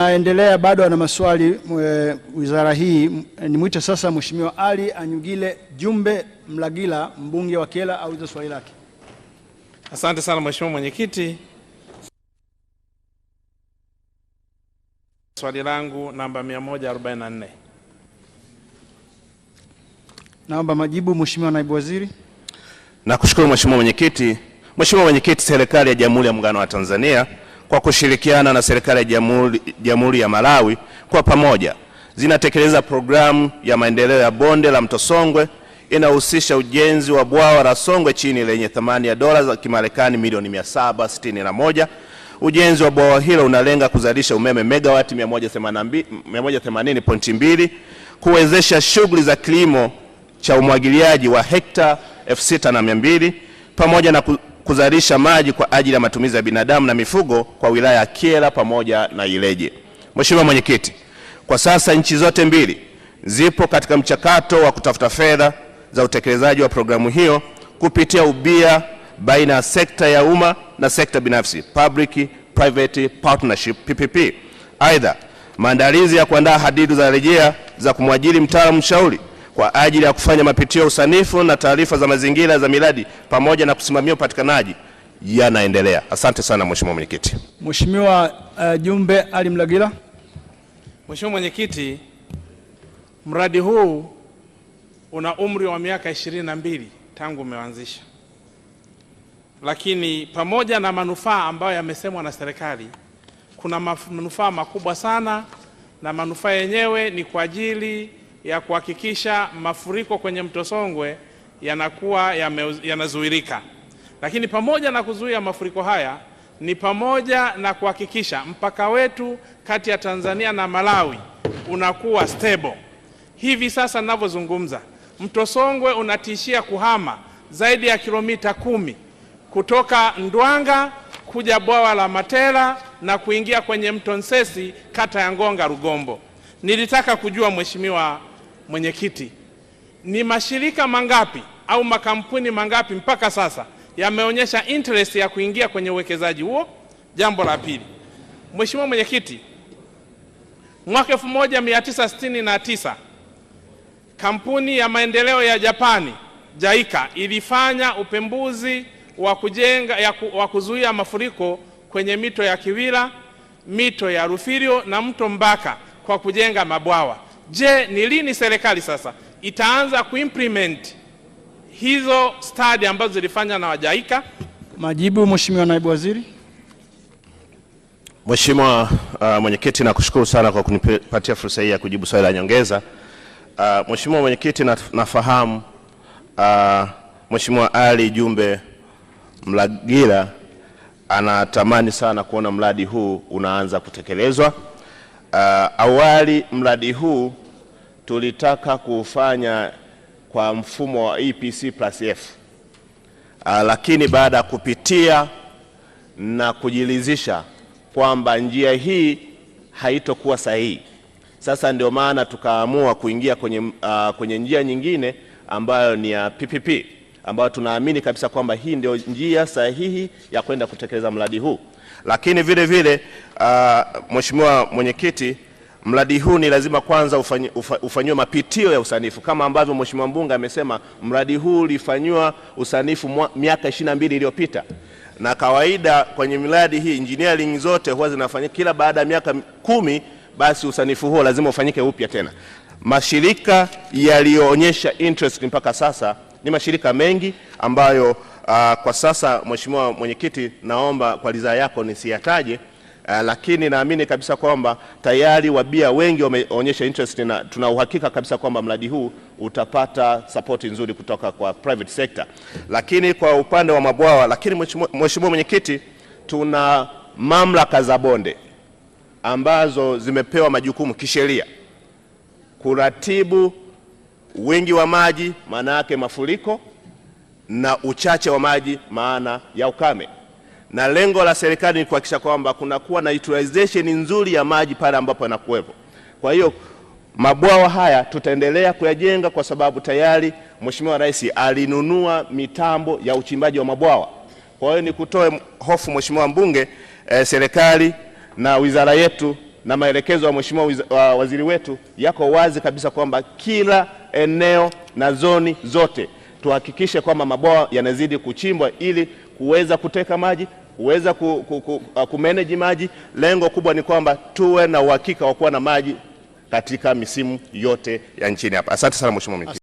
Naendelea bado ana maswali mwe, wizara hii nimwite sasa Mheshimiwa Ali Anyugile Jumbe Mlagila mbunge wa Kyela aulize swali lake. Asante sana Mheshimiwa Mwenyekiti. Swali langu namba 144. Naomba majibu Mheshimiwa Naibu Waziri. Nakushukuru Mheshimiwa Mwenyekiti. Mheshimiwa Mwenyekiti, serikali ya Jamhuri ya Muungano wa Tanzania kwa kushirikiana na serikali ya jamhuri, ya Malawi kwa pamoja zinatekeleza programu ya maendeleo ya bonde la mto Songwe inahusisha ujenzi wa bwawa la Songwe chini lenye thamani ya dola za Kimarekani milioni 761. Ujenzi wa bwawa hilo unalenga kuzalisha umeme megawati 180.2 kuwezesha shughuli za kilimo cha umwagiliaji wa hekta 6200 pamoja na kuzalisha maji kwa ajili ya matumizi ya binadamu na mifugo kwa wilaya ya Kyela pamoja na Ileje. Mheshimiwa Mwenyekiti, kwa sasa nchi zote mbili zipo katika mchakato wa kutafuta fedha za utekelezaji wa programu hiyo kupitia ubia baina ya sekta ya umma na sekta binafsi, public private partnership PPP. Aidha, maandalizi ya kuandaa hadidu za rejea za kumwajiri mtaalamu mshauri kwa ajili ya kufanya mapitio ya usanifu na taarifa za mazingira za miradi pamoja na kusimamia upatikanaji yanaendelea. Asante sana Mheshimiwa Mwenyekiti. Mheshimiwa uh, Jumbe Ali Mlagira. Mheshimiwa Mwenyekiti, mradi huu una umri wa miaka ishirini na mbili tangu umeanzisha, lakini pamoja na manufaa ambayo yamesemwa na serikali, kuna manufaa makubwa sana, na manufaa yenyewe ni kwa ajili ya kuhakikisha mafuriko kwenye mto Songwe yanakuwa yanazuirika lakini pamoja na kuzuia mafuriko haya ni pamoja na kuhakikisha mpaka wetu kati ya Tanzania na Malawi unakuwa stable. Hivi sasa ninavyozungumza, mto Songwe unatishia kuhama zaidi ya kilomita kumi kutoka Ndwanga kuja bwawa la Matela na kuingia kwenye mto Nsesi kata ya Ngonga Rugombo. Nilitaka kujua Mheshimiwa mwenyekiti, ni mashirika mangapi au makampuni mangapi mpaka sasa yameonyesha interest ya kuingia kwenye uwekezaji huo? Jambo la pili, Mheshimiwa Mwenyekiti, mwaka 1969 kampuni ya maendeleo ya Japani jaika ilifanya upembuzi wa kujenga ya ku, wa kuzuia mafuriko kwenye mito ya Kiwira, mito ya Rufirio na mto Mbaka kwa kujenga mabwawa. Je, ni lini serikali sasa itaanza kuimplement hizo study ambazo zilifanywa na wajaika? Majibu, Mheshimiwa Naibu Waziri. Mheshimiwa uh, Mwenyekiti, nakushukuru sana kwa kunipatia fursa hii ya kujibu swali la nyongeza. Uh, Mheshimiwa Mwenyekiti, na, nafahamu uh, Mheshimiwa Ali Jumbe Mlagira anatamani sana kuona mradi huu unaanza kutekelezwa. Uh, awali mradi huu tulitaka kuufanya kwa mfumo wa EPC plus F. Ah, lakini baada ya kupitia na kujilizisha kwamba njia hii haitokuwa sahihi, sasa ndio maana tukaamua kuingia kwenye, uh, kwenye njia nyingine ambayo ni ya PPP ambayo tunaamini kabisa kwamba hii ndio njia sahihi ya kwenda kutekeleza mradi huu. Lakini vile vile uh, Mheshimiwa Mwenyekiti mradi huu ni lazima kwanza ufanyiwe mapitio ya usanifu kama ambavyo Mheshimiwa mbunge amesema, mradi huu ulifanyiwa usanifu miaka ishirini na mbili iliyopita, na kawaida kwenye miradi hii engineering zote huwa zinafanyika kila baada ya miaka kumi, basi usanifu huo lazima ufanyike upya tena. Mashirika yaliyoonyesha interest mpaka sasa ni mashirika mengi ambayo, uh, kwa sasa Mheshimiwa Mwenyekiti, naomba kwa ridhaa yako nisiyataje Uh, lakini naamini kabisa kwamba tayari wabia wengi wameonyesha interest na tuna uhakika kabisa kwamba mradi huu utapata sapoti nzuri kutoka kwa private sector. Lakini kwa upande wa mabwawa, lakini Mheshimiwa Mwenyekiti, tuna mamlaka za bonde ambazo zimepewa majukumu kisheria kuratibu wingi wa maji, maana yake mafuriko, na uchache wa maji, maana ya ukame na lengo la serikali ni kuhakikisha kwamba kunakuwa na utilization nzuri ya maji pale ambapo yanakuwepo. Kwa hiyo mabwawa haya tutaendelea kuyajenga kwa sababu tayari Mheshimiwa Rais alinunua mitambo ya uchimbaji wa mabwawa. Kwa hiyo ni kutoe hofu Mheshimiwa Mbunge, eh, serikali na wizara yetu na maelekezo ya Mheshimiwa wa waziri wetu yako wazi kabisa kwamba kila eneo na zoni zote tuhakikishe kwamba mabwawa yanazidi kuchimbwa ili huweza kuteka maji, huweza ku, ku, ku, uh, kumanage maji. Lengo kubwa ni kwamba tuwe na uhakika wa kuwa na maji katika misimu yote ya nchini hapa. Asante sana mheshimiwa.